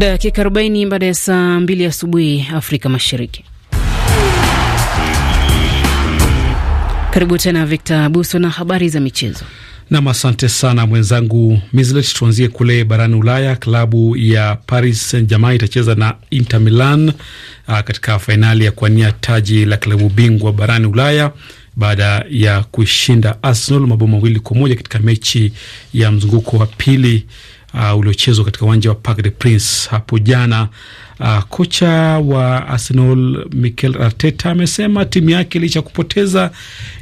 Dakika 40 baada ya saa 2 asubuhi Afrika Mashariki. Karibu tena Victor Buso na habari za michezo. Nam, asante sana mwenzangu Mislet. Tuanzie kule barani Ulaya, klabu ya Paris Saint Germain itacheza na Inter Milan a, ah, katika fainali ya kuania taji la klabu bingwa barani Ulaya baada ya kuishinda Arsenal mabao mawili kwa moja katika mechi ya mzunguko wa pili uh, uliochezwa katika uwanja wa Parc des Princes hapo jana. Uh, kocha wa Arsenal Mikel Arteta amesema timu yake licha ya kupoteza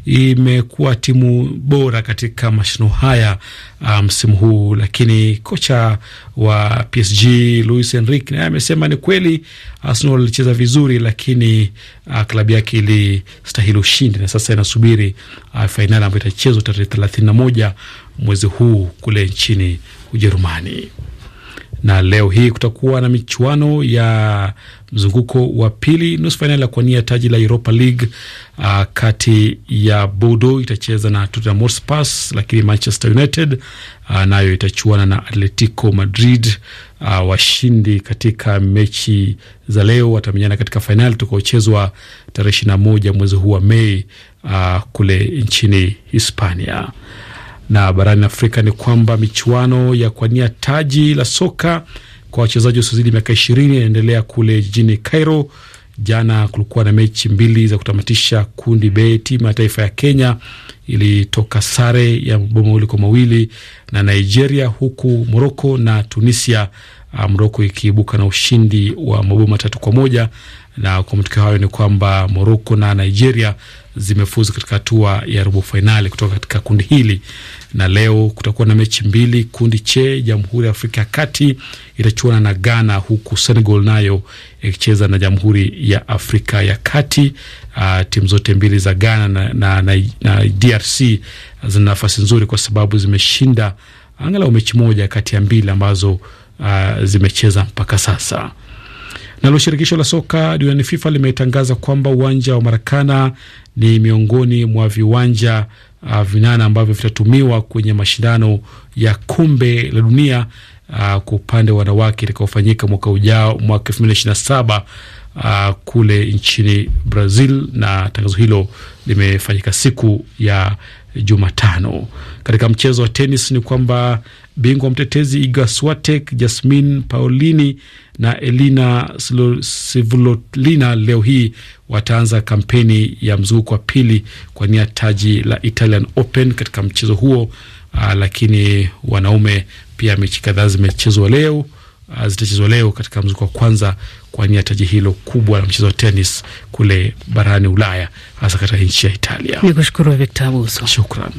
imekuwa timu bora katika mashindano haya uh, msimu um, huu. Lakini kocha wa PSG Luis Enrique naye amesema ni kweli Arsenal ilicheza vizuri, lakini uh, klabu yake ilistahili ushindi na sasa inasubiri uh, fainali ambayo itachezwa tarehe thelathini na moja mwezi huu kule nchini Ujerumani. Na leo hii kutakuwa na michuano ya mzunguko wa pili nusu fainali ya kuwania taji la Europa League. Uh, kati ya Bodo itacheza na Tottenham Hotspur, lakini Manchester United uh, nayo itachuana na Atletico Madrid. Uh, washindi katika mechi za leo watamenyana katika fainali tukaochezwa tarehe 21 mwezi huu wa Mei uh, kule nchini Hispania. Na barani Afrika ni kwamba michuano ya kuania taji la soka kwa wachezaji wasiozidi miaka ishirini inaendelea kule jijini Cairo. Jana kulikuwa na mechi mbili za kutamatisha kundi be. Timu ya taifa ya Kenya ilitoka sare ya mabao mawili kwa mawili na Nigeria, huku Moroko na Tunisia, ah, Moroko ikiibuka na ushindi wa mabao matatu kwa moja na kwa matokeo hayo ni kwamba Moroko na Nigeria zimefuzu katika hatua ya robo fainali kutoka katika kundi hili. Na leo kutakuwa na mechi mbili. Kundi che Jamhuri ya Afrika ya Kati itachuana na Ghana, huku Senegal nayo ikicheza na Jamhuri ya Afrika ya Kati. Uh, timu zote mbili za Ghana na, na, na, na DRC zina nafasi nzuri kwa sababu zimeshinda angalau mechi moja kati ya mbili ambazo uh, zimecheza mpaka sasa. Nalo shirikisho la soka duniani FIFA limetangaza kwamba uwanja wa Marakana ni miongoni mwa viwanja uh, vinane ambavyo vitatumiwa kwenye mashindano ya kombe la dunia uh, kwa upande wa wanawake itakaofanyika mwaka ujao mwaka elfu mbili ishirini na saba uh, kule nchini Brazil, na tangazo hilo limefanyika siku ya Jumatano. Katika mchezo wa tenis ni kwamba bingwa mtetezi Iga Swiatek, Jasmin Paolini na Elina Svitolina leo hii wataanza kampeni ya mzunguko wa pili kwa nia taji la Italian Open katika mchezo huo. Aa, ah, lakini wanaume pia mechi kadhaa zimechezwa leo ah, zitachezwa leo katika mzunguko wa kwanza kwa nia taji hilo kubwa la mchezo wa tenis kule barani Ulaya, hasa katika nchi ya Italia. Nikushukuru Victor Abuso, shukran.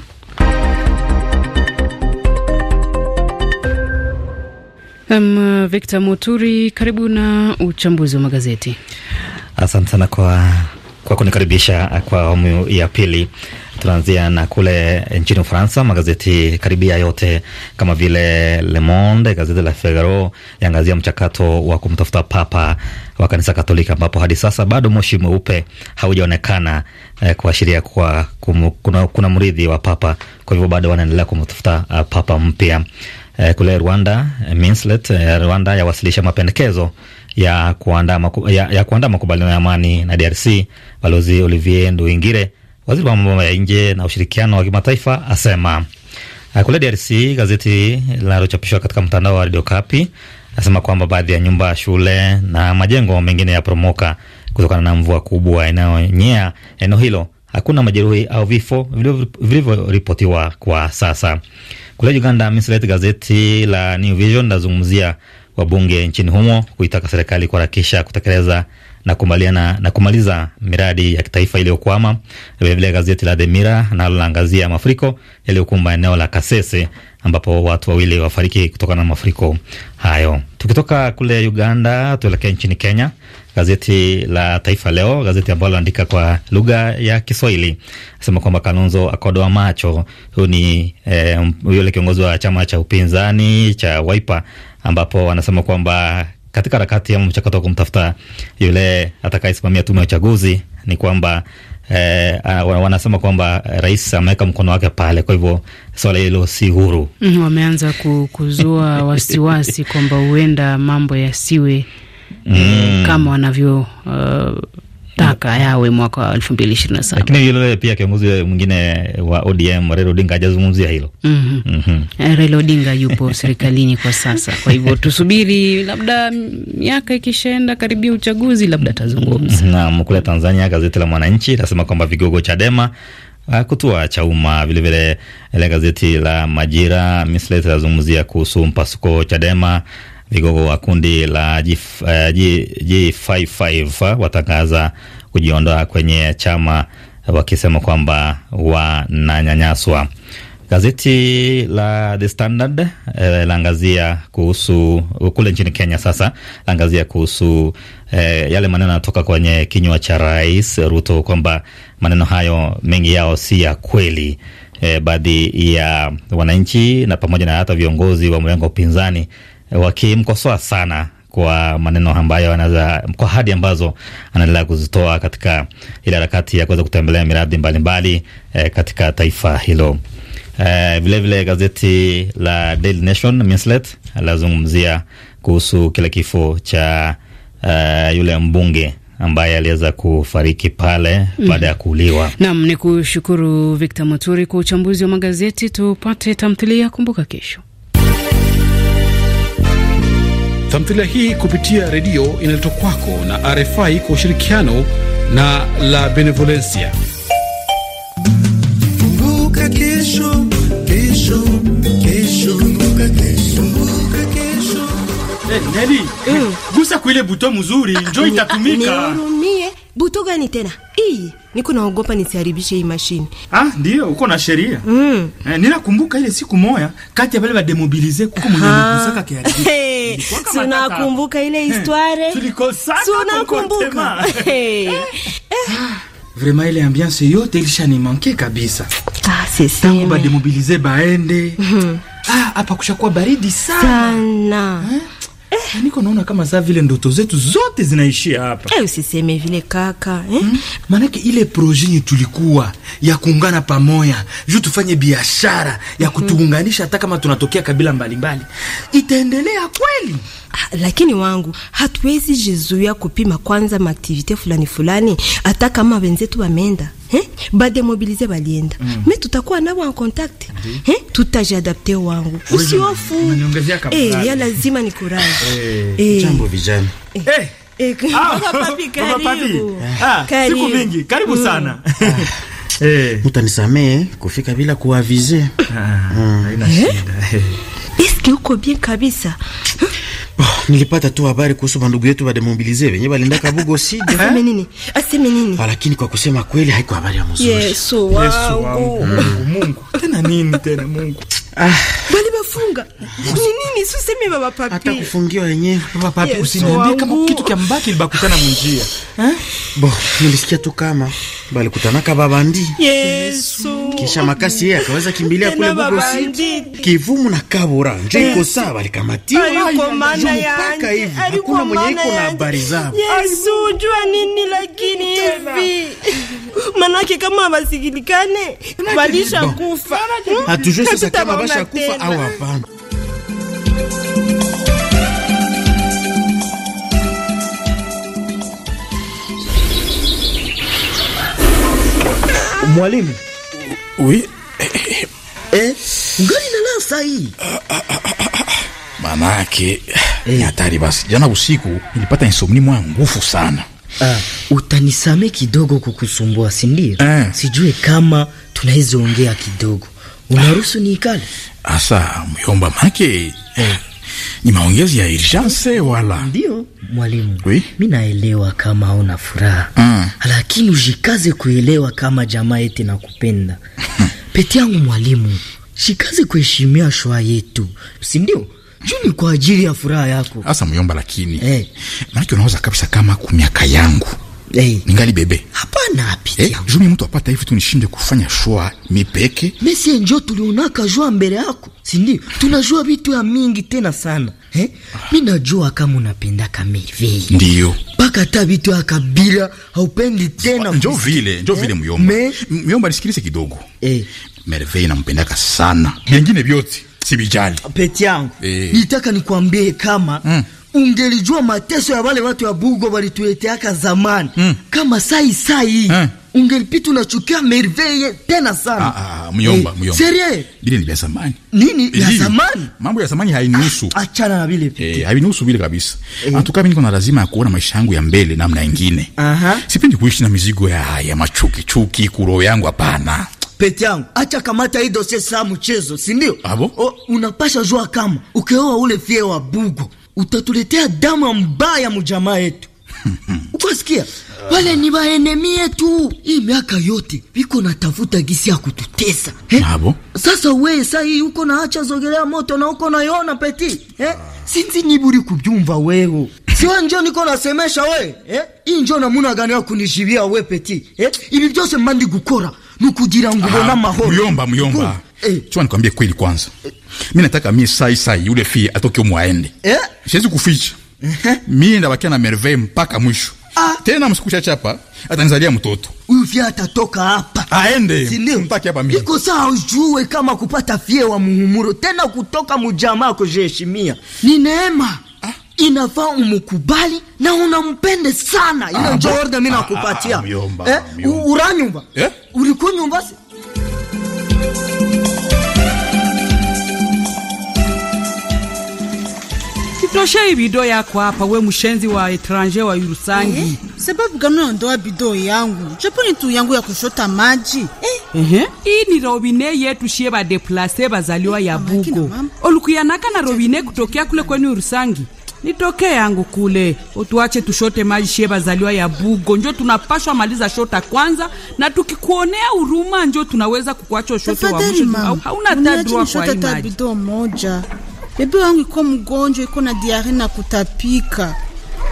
Um, Victor Moturi, karibu na uchambuzi wa magazeti. Asante sana kwa, kwa kunikaribisha kwa awamu ya pili. Tunaanzia na kule nchini Ufaransa, magazeti karibia yote kama vile Le Monde, gazeti la Figaro yaangazia mchakato wa kumtafuta papa wa kanisa katolika ambapo hadi sasa bado moshi mweupe haujaonekana eh, kuashiria kuwa kuna, kuna mrithi wa papa. Kwa hivyo bado wanaendelea kumtafuta uh, papa mpya eh, kule Rwanda eh, Minslet eh, Rwanda yawasilisha mapendekezo ya kuandaa maku, ya, ya kuandaa makubaliano ya amani na DRC. Balozi Olivier Nduingire, waziri wa mambo ya nje na ushirikiano wa kimataifa, asema eh, kule DRC. Gazeti linalochapishwa katika mtandao wa Radio Kapi asema kwamba baadhi ya nyumba, shule na majengo mengine yaporomoka kutokana na mvua kubwa inayonyea eneo hilo. Hakuna majeruhi au vifo vilivyoripotiwa kwa sasa. Kule Uganda, ameslet gazeti la New Vision linazungumzia wabunge nchini humo kuitaka serikali kuharakisha kutekeleza na kumaliana na kumaliza miradi ya kitaifa iliyokwama. Vilevile gazeti la The Mira nalo linaangazia mafuriko yaliyokumba eneo la Kasese ambapo watu wawili wafariki kutokana na mafuriko hayo. Tukitoka kule Uganda tuelekee nchini Kenya gazeti la Taifa Leo, gazeti ambalo anaandika kwa lugha ya Kiswahili, asema kwamba Kalonzo akodoa macho. Huyu ni eh, yule kiongozi wa chama cha upinzani cha Waipa, ambapo wanasema kwamba katika harakati ya mchakato wa kumtafuta yule atakayesimamia tume ya uchaguzi ni kwamba Eh, ah, wanasema kwamba rais ameweka mkono wake pale, kwa hivyo swala hilo si huru. Mm, wameanza kuzua wasiwasi kwamba huenda mambo yasiwe mm. kama wanavyo uh, taka yawe mwaka wa elfu mbili ishirini na saba. Lakini hilo pia kiongozi mwingine wa ODM Raila Odinga hajazungumzia hilo. mm -hmm. Raila Odinga yupo serikalini kwa sasa, kwa hivyo tusubiri, labda miaka ikishaenda karibia uchaguzi, labda atazungumza. Naam, kule Tanzania gazeti la Mwananchi nasema kwamba vigogo Chadema uh, kutua Chauma, vilevile ile eh, gazeti la Majira mislet lazungumzia kuhusu mpasuko Chadema Vigogo wa kundi la G55 eh, watangaza kujiondoa kwenye chama wakisema kwamba wananyanyaswa. Gazeti la The Standard eh, laangazia kuhusu kule nchini Kenya. Sasa laangazia kuhusu eh, yale maneno yanatoka kwenye kinywa cha Rais Ruto kwamba maneno hayo mengi yao si ya kweli. Eh, baadhi ya wananchi na pamoja na hata viongozi wa mrengo wa upinzani wakimkosoa sana kwa maneno ambayo anaza, kwa hadi ambazo anaendelea kuzitoa katika ile harakati ya kuweza kutembelea miradi mbalimbali mbali, eh, katika taifa hilo. Vilevile eh, vile gazeti la Daily Nation Minslet alazungumzia kuhusu kile kifo cha eh, yule mbunge ambaye aliweza kufariki pale mm. baada ya kuuliwa. Naam, ni kushukuru Victor Maturi kwa uchambuzi wa magazeti. Tupate tamthilia Kumbuka Kesho. Tamthilia hii kupitia redio inaletwa kwako na RFI kwa ushirikiano na La Benevolencia. Kumbuka kesho, kesho, kesho, kumbuka kesho. Hey, eh, Neri, mm. gusa kuile buto mzuri njoo itatumika. Nihurumie, buto gani tena? Hii niko naogopa nisiharibishe hii mashini. Ah, ndio uko na sheria. Mm. Eh, ninakumbuka ile siku moya kati ya wale wa demobilize kuko mwenye ah. kusaka kiasi. Hey, Tunakumbuka ile eh, histoire. Tulikosaka. Tunakumbuka. Hey. Eh. Vraiment ile ambiance yote ilisha ni manke kabisa. Ah, sisi. Tangu ba demobilize baende. Mm -hmm. Ah, hapa kushakuwa baridi sana. Sana. Eh? eh. Niko naona kama saa vile ndoto zetu zote zinaishia hapa eh, usiseme vile kaka eh? Hmm? Maanake ile proje tulikuwa ya kuungana pamoja juu tufanye biashara ya mhm. kutuunganisha hata kama tunatokea kabila mbalimbali mbali. Itaendelea kweli? Ah, lakini wangu hatuwezi jizuia kupima kwanza maaktivite fulani fulani, hata kama wenzetu wameenda hein? ba bademobilize balienda mm. Me tutakuwa nabo en contact eh, tutajiadapte wangu, usiofu eh, ya lazima ni courage eh, eh, jambo vijana eh. eh. eh. Ah. papi, karibu. Ah, Siku eh. mingi karibu mm. sana ah. eh. Mutanisamee kufika bila kuavize ah, mm. Eh? Eske uko bien kabisa Oh, nilipata tu habari kuhusu bandugu yetu demobilize wenye balenda Kabugo sidi. Eh? Aseme nini? Aseme nini? Ah, lakini kwa kusema kweli haiko habari ya mzuri. Yesu wangu. Yesu wangu. Mm. Mungu. Tena nini tena Mungu? Ah. Bali bafunga. Ni nini Sio sema baba papi? Hata kufungiwa wenyewe. Baba papi usiniambie kama kitu kiambaki mbaki libakutana munjia. Eh? Bo, nilisikia tu kama balikutanaka babandi Yesu. Kisha makasi yeye akaweza kimbilia kule Bugosi Kivumu na Kabura njo iko saa balikamatiwa mpaka hivi, hakuna mwenye iko na habari zao. Yesu jua nini, lakini hivi manake kama basikilikane balisha kufa, hatujue sasa kama basha kufa au hapana. Mwalimu. Oui. Eh, ngani na lasa hii? Manake eh. ni hatari basi. Jana usiku nilipata insomnia mwa nguvu sana. Ah, utanisame kidogo kukusumbua, si ndio? Ah. Sijue kama tunaweza ongea kidogo. Unaruhusu ah, niikale? Asa, myomba make. Eh ni maongezi ya urgence wala ndio mwalimu oui? Mi naelewa kama una furaha mm, lakini ujikaze kuelewa kama jamaa na kupenda hmm. peti yangu mwalimu, shikaze kuheshimia shwa yetu, si ndio? Juu ni kwa ajili ya furaha yako. hasa myomba, lakini hey, eh. maanake unaweza kabisa kama kumiaka yangu hey. Eh. ningali bebe hapana apiti hey, eh, jumi mtu apata hivi tunishinde kufanya shwa mipeke mesi enjo tulionaka jua mbele yako sindi tunajua vitu ya mingi tena sana eh? mi najua kama unapendaka merveille ndio mpaka hata vitu ya kabila haupendi tena njo vile njo vile eh? myomba Me... myomba nisikilize kidogo eh. merveille nampendaka sana vingine vyote sibijali peti yangu eh. nitaka nikwambie kama mm Ungelijua mateso ya wale watu ya Bugo walituleteaka zamani mm. Kama sai sai mm. Ungelipita unachukia merveille tena sana. Ah, ah, ah myomba, eh, myomba. Serie. Bile ni vya zamani. Nini vya zamani? Mambo ya zamani hainihusu. Ah, achana na vile vitu. Eh, hainihusu vile kabisa. Eh. Antuka ah, mimi niko na lazima ya kuona maisha yangu ya mbele namna nyingine. Aha. Sipendi kuishi na mizigo ya ya machuki chuki kuro yangu hapana. Pete yangu acha kamata hii dosie saa mchezo, si ndio? Abo? O, oh, unapasha jua kama ukeoa ule fie wa Bugo utatuletea damu mbaya mujamaa yetu. Ukasikia? Wale ni waenemi yetu. Hii miaka yote wiko natafuta gisi ya kututesa. Nabo. Sasa we sa hii uko na acha zogelea moto na uko na yona peti. Eh? Sinzi niburi kubyumva wewe. Siwa njo niko nasemesha we. Eh? Hii njo na muna gani ya kunijibia we peti. Eh? Ibi byose mandi gukora Nukujira ngo bona ah, mahoro. Muyomba muyomba. Hey. Eh. Chua nikwambie kweli kwanza. Hey. Eh. Mi nataka mi sai sai yule fi atoke umu aende. Yeah. Siwezi kuficha. Mie ndabakia na Merveille mpaka mwisho. Ah. Tena msikucha chapa atanizalia mtoto. Huyu fia atatoka hapa. Aende. Sindio? Mtaki hapa mimi. Iko saa ujue kama kupata fie wa muhumuro tena kutoka mujamaa kujiheshimia. Ni neema. Ah. Inafaa umukubali na unampende sana. Ile ah, order mimi ah, nakupatia. Ah, ah, eh? Uranyumba. Eh? Ulikunyumba? Mtoshei bidoo yako hapa, we mshenzi wa etranger wa yurusangi Eh, sababu gani ondoa bidoo yangu? Japani tu yangu ya kushota maji eh. Ehe, hii ni robine yetu shie badeplase bazaliwa ya eh, bugo olukuyanaka na robine kutokea kule kwenu yurusangi nitoke yangu kule, otuache tushote maji shie bazaliwa ya Bugo, njo tunapashwa maliza shota kwanza, na tukikuonea huruma njo tunaweza kukuacha ushote wa mwisho. Hauna tadua kwa hii maji bebe wangu iko mgonjwa, iko na diare na kutapika.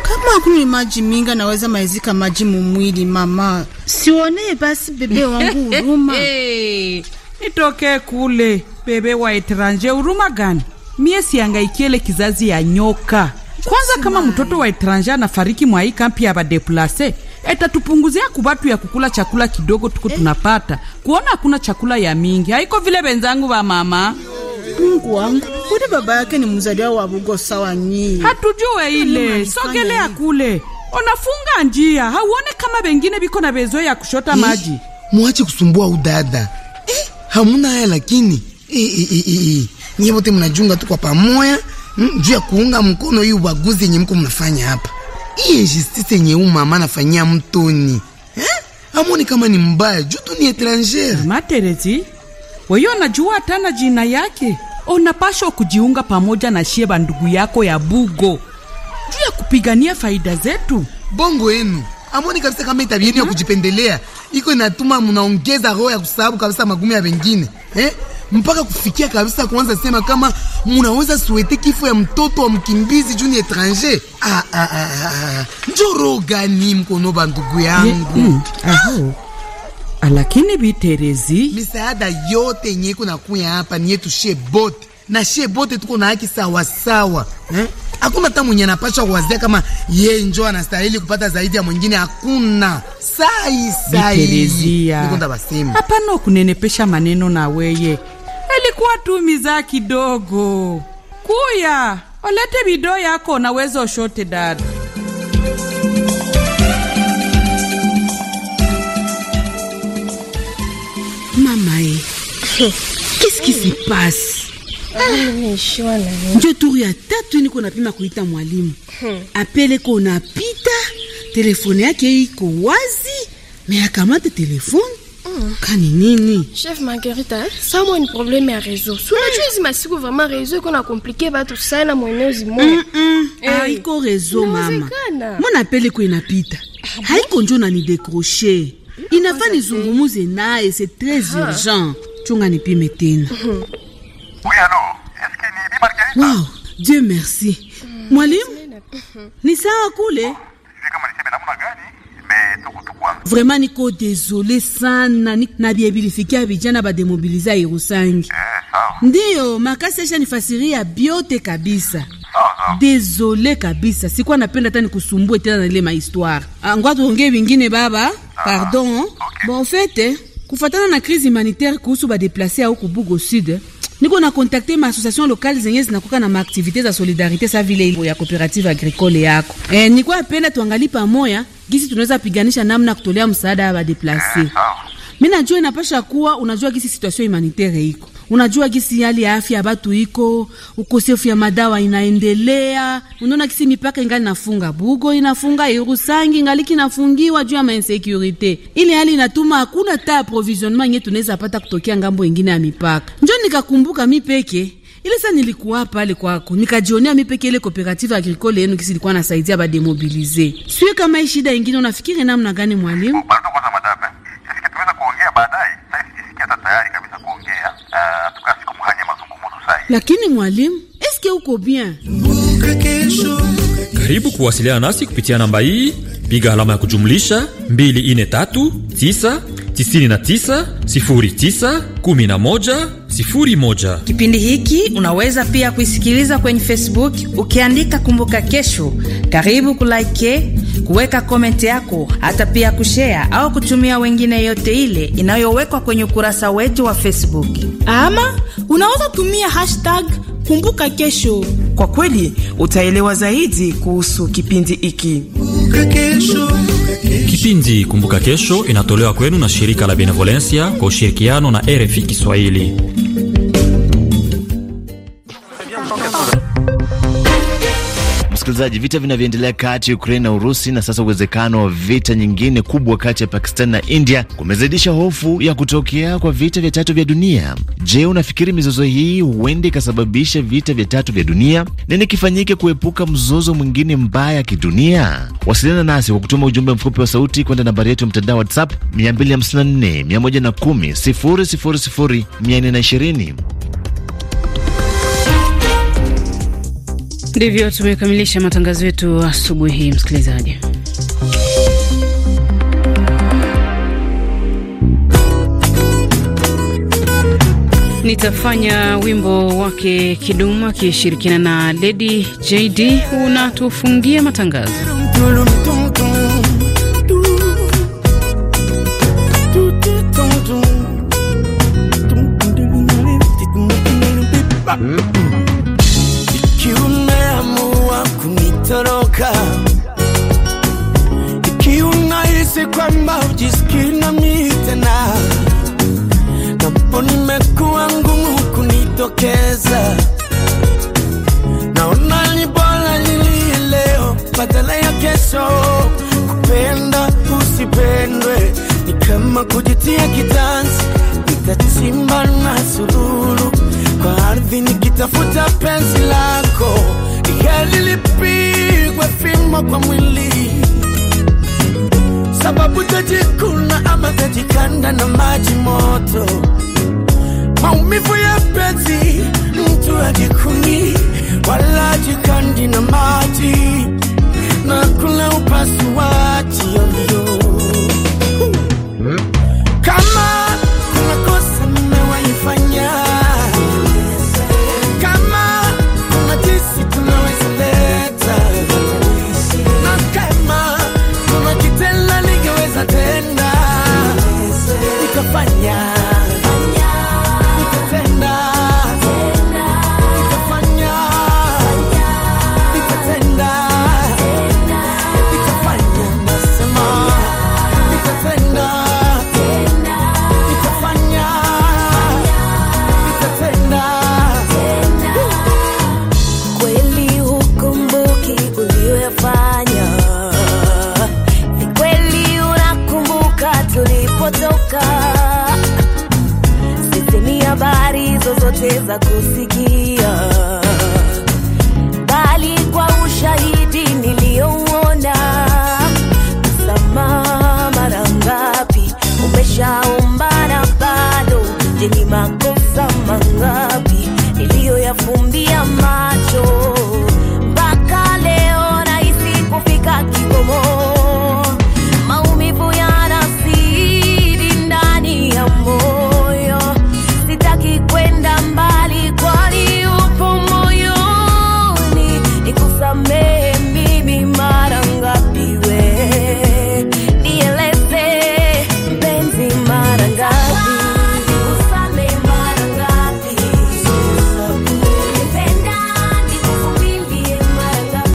Kama hakuna maji minga, naweza maizika maji mumwili. Mama, sionee basi bebe wangu huruma. Hey, itoke kule bebe wa etranje, huruma gani? Mie siangaikiele kizazi ya nyoka kwanza. Kama mtoto wa etranje anafariki mwa hii kampi ya badeplase etatupunguzia kubatu ya kukula chakula kidogo tuko eh. tunapata kuona hakuna chakula ya mingi, haiko vile benzangu wa mama Mungu wangu, kwani baba yake ni mzaliwa wa Bugosa wa nyii? Hatujue ile. Sogelea kule, unafunga njia, hauone kama bengine biko na bezo ya kushota eh, maji. Mwache kusumbua udada eh, hamuna haya lakini e, e, Nyie wote mnajunga tu kwa pamoya juu ya kuunga mkono hii ubaguzi yenye mko mnafanya hapa. Hii injustice yenye umama anafanyia mtoni eh? Amoni kama ni mbaya juu tu ni etranger Mama Terezi, wewe unajua hata jina yake unapashwa kujiunga pamoja na shie bandugu yako ya Bugo juu ya kupigania faida zetu. Bongo yenu amoni kabisa kama itabieni mm -hmm. ya mhm. kujipendelea iko inatuma mnaongeza roho ya kusababu kabisa magumi ya wengine eh? mpaka kufikia kabisa kuanza sema kama munaweza suete kifo ya mtoto wa mkimbizi juni etranger. Ah, ah, ah, ah, ah. Njoro gani mkono bandugu eh, yangu? Ye, eh, mm, eh, ah. Lakini biterezi misaada yote yenye iko nakuya hapa ni yetu she bote na she bote, tuko na haki sawasawa eh? Hakuna hata mwenye anapasha kuwazia kama yeye njo anastahili kupata zaidi ya mwingine, hakuna sai sai. Hapana kunenepesha maneno na weye, alikuwa tu miza kidogo kuya olete bidoo yako na wezo shote dada Qu'est-ce qui se passe? Njo turu ya tatu niko napima kuita mwalimu hmm. apeleko napita, telefone yake iko wazi, me akamate telefone hmm. kani nini? Chef Margarita, samo ni probleme ya rezo. Si masiku hmm. vraiment rezo iko na komplike batu sana mweneo zimo. Mm -mm. Eh. Ah, mama. Mbona apele inapita? Ah Haiko njo na ah, ni décrocher. Inafaa nizungumuze naye, c'est très urgent chunga nipime tena. Mm Wow, Dieu merci. mwalimu? Ni sawa kule? Vraiment niko désolé sana na bia vijana ba demobiliza Irusangi. Eh, makasi esha nifasiria biote kabisa. Désolé kabisa, sikuwa napenda hata nikusumbue tena na ile mahistoire. Ah, ngoja tuongee vingine baba. Pardon. Bon, fete. Kufatana na crise humanitaire kuhusu badeplase au Bugo sud, niko na kontakte ma association lokali zenye zinakuka na maaktivite za solidarite sa vile ya coopérative agricole yako. Eh, niko apenda tuangalie pamoya gisi tunaweza piganisha namna kutolea msaada ya badeplase. Eh, ah. Mimi najua inapasha kuwa unajua gisi situation humanitaire iko Unajua kisi hali ya afya ya watu iko, ukosefu ya madawa inaendelea. Unaona kisi mipaka ingali nafunga, Bugo inafunga, Irusangi ngaliki nafungiwa juu ya mainsecurite. Ile hali inatuma hakuna ta approvisionnement yetu tunaweza pata kutokea ngambo nyingine ya mipaka. Njo nikakumbuka mi peke ile saa nilikuwa pale kwako nikajionea peke ile cooperative agricole yenu kisi ilikuwa nasaidia ba bademobilize. Sio kama shida nyingine, unafikiri namna gani mwalimu? Bado kwanza madame, sisi tunaweza kuongea baadaye. Lakini mwalimu, eske uko bien? Karibu kuwasiliana nasi kupitia namba hii, piga alama ya kujumlisha 24399091101. Kipindi hiki unaweza pia kuisikiliza kwenye Facebook ukiandika Kumbuka Kesho. Karibu kulike, kuweka komenti yako, hata pia kushea au kutumia wengine, yote ile inayowekwa kwenye ukurasa wetu wa Facebook ama Unaweza tumia hashtag kumbuka kesho. Kwa kweli utaelewa zaidi kuhusu kipindi hiki. Kipindi kumbuka kesho inatolewa kwenu na shirika la Benevolencia kwa ushirikiano na RFI Kiswahili. msikilizaji, vita vinavyoendelea kati ya Ukraini na Urusi na sasa uwezekano wa vita nyingine kubwa kati ya Pakistan na India kumezidisha hofu ya kutokea kwa vita vya tatu vya dunia. Je, unafikiri mizozo hii huenda ikasababisha vita vya tatu vya dunia? Nini kifanyike kuepuka mzozo mwingine mbaya kidunia? Wasiliana nasi kwa kutuma ujumbe mfupi wa sauti kwenda nambari yetu ya mtandao WhatsApp 254 110 000 420. Ndivyo tumekamilisha matangazo yetu asubuhi hii, msikilizaji. Nitafanya wimbo wake Kiduma akishirikiana na Lady JD. Unatufungia matangazo mm. umetoroka. Ikiwa unahisi kwamba ujisikii nami tena, napo nimekuwa ngumu kunitokeza, naona ni bora leo badala ya kesho. Kupenda usipendwe ni kama kujitia kitansi nitachimba na sururu kwa ardhi nikitafuta penzi lako lilipigwe fimbo kwa mwili, sababu tajikuna ama tajikanda na maji moto, maumivu ya penzi. Mtu ajikuni wala jikandi na maji na kula upasuaji ovyo kama